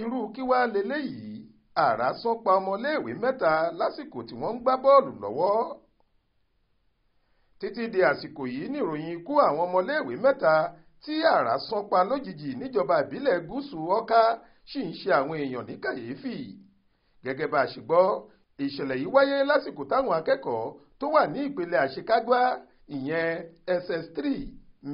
irú kí wàá ara àrá sọ́pa ọmọléèwé mẹ́ta lásìkò tí wọ́n ń gbá bọ́ọ̀lù lọ́wọ́ títí di àsìkò yìí níròyìn ikú àwọn ọmọléèwé mẹ́ta tí àrá sọ́pa lójijì níjọba ìbílẹ̀ gúúsù ọ̀ká sì ń ṣe àwọn èèyàn ní kàyéfì gẹ́gẹ́ bá a ṣe gbọ́ ìṣẹ̀lẹ̀ yìí wáyé lásìkò táwọn akẹ́kọ̀ọ́ tó wà ní ìpele àṣekágbá ìyẹn ss3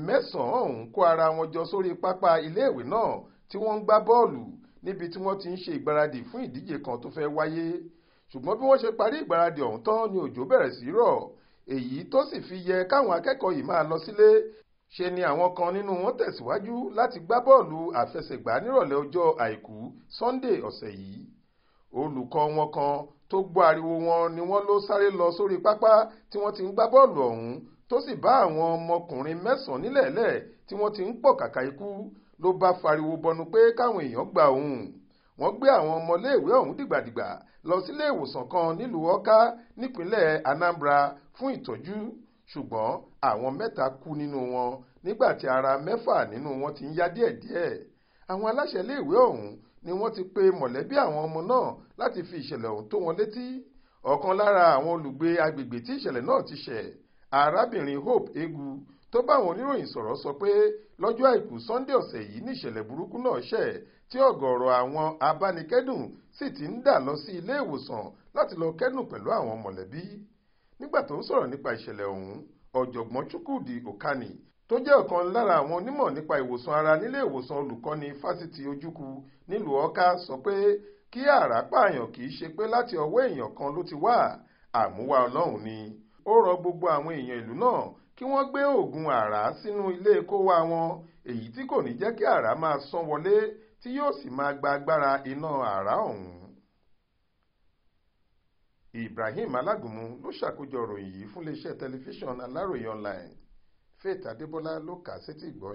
mẹ́sàn-án ọ̀hún kó ara wọn jọ sórí pápá iléèwé náà tí wọ́n ń gbá bọ́ọ̀lù níbi tí wọ́n ti ń ṣe ìgbáradì fún ìdíje kan tó fẹ́ wáyé ṣùgbọ́n bí wọ́n ṣe parí ìgbáradì ọ̀hún tán ni òjò bẹ̀rẹ̀ sí rọ̀ èyí tó sì fi yẹ káwọn akẹ́kọ̀ọ́ yìí máa lọ sílé ṣe ni àwọn kan nínú wọn tẹ̀síwájú láti gbá bọ́ọ̀lù àfẹsẹ̀gbá nírọ̀lẹ́ ọjọ́ àìkú Sunday ọ̀sẹ̀ yìí olùkọ́ wọn kan tó gbọ́ ariwo wọn ni wọ́n ló sáré lọ sórí pápá tí wọ́n ti ń gbá bọ́ọ̀lù ọ̀hún tó sì bá àwọn ọmọkùnrin mẹ́sàn-án nílẹ̀ẹ́lẹ̀ tí wọ́n ti ń pọ̀kàkà ikú ló bá fariwo bọnu pé káwọn èèyàn gba òun wọ́n gbé àwọn ọmọléèwé ọ̀hún dìgbàdìgbà lọ sílé ìwòsàn kan nílùú Ọ̀ká nípínlẹ̀ Anambra fún ìtọ́jú ṣùgbọ́n àwọn mẹ́ta kú nínú wọn nígbà tí ara mẹ́fà nínú wọn ti ń yá díẹ̀díẹ̀ àwọn aláṣẹ iléèwé ọ̀hún ni wọ́n ti pe mọ̀lẹ́bí àwọn ọmọ náà láti fi ìṣẹ̀lẹ̀ ọ̀hún tó wọn létí ọ̀kan lára àwọn olùgbé agbègbè tí ìṣẹ̀lẹ̀ náà ti ṣẹ̀ arábìnrin Hope Egu tó bá àwọn oníròyìn sọ̀rọ̀ sọ pé lọ́jọ́ àìkú Sunday ọ̀sẹ̀ yìí níṣẹ̀lẹ̀ burúkú náà ṣẹ̀ tí ọ̀gọ̀ọ̀rọ̀ àwọn abánikẹ́dùn sì ti ń dà lọ sí ilé ìwòsàn láti lọ kẹ́dùn pẹ̀lú àwọn mọ̀lẹ́bí nígbà tó ń sọ̀rọ̀ nípa ìṣẹ̀lẹ̀ ọ̀hún ọ̀jọ̀gbọ́n Chukwudi Okani tó jẹ́ ọ̀kan lára àwọn onímọ̀ nípa ìwòsàn ara nílé ìwòsàn olùkọ́ni fásitì Ojukwu nílùú Ọ̀ká sọ pé kí àrá pààyàn kì í ṣe pé láti ọwọ́ èèyàn kan ló ti wá àmúwá Ọlọ́run ni ó rọ gbogbo àwọn èèyàn ìlú náà kí wọ́n gbé oògùn àrà sínú ilé kówá wọn èyí tí kò ní jẹ́ kí àrà máa sán wọlé tí yóò sì máa gba agbára iná àrà ọ̀hún. Ibrahim Alágúnmu ló ṣàkójọ ròyìn yìí fún iléeṣẹ́ tẹlifíṣàn Aláròye online Faith Adébọlá ló kà á sétí ìgbọ́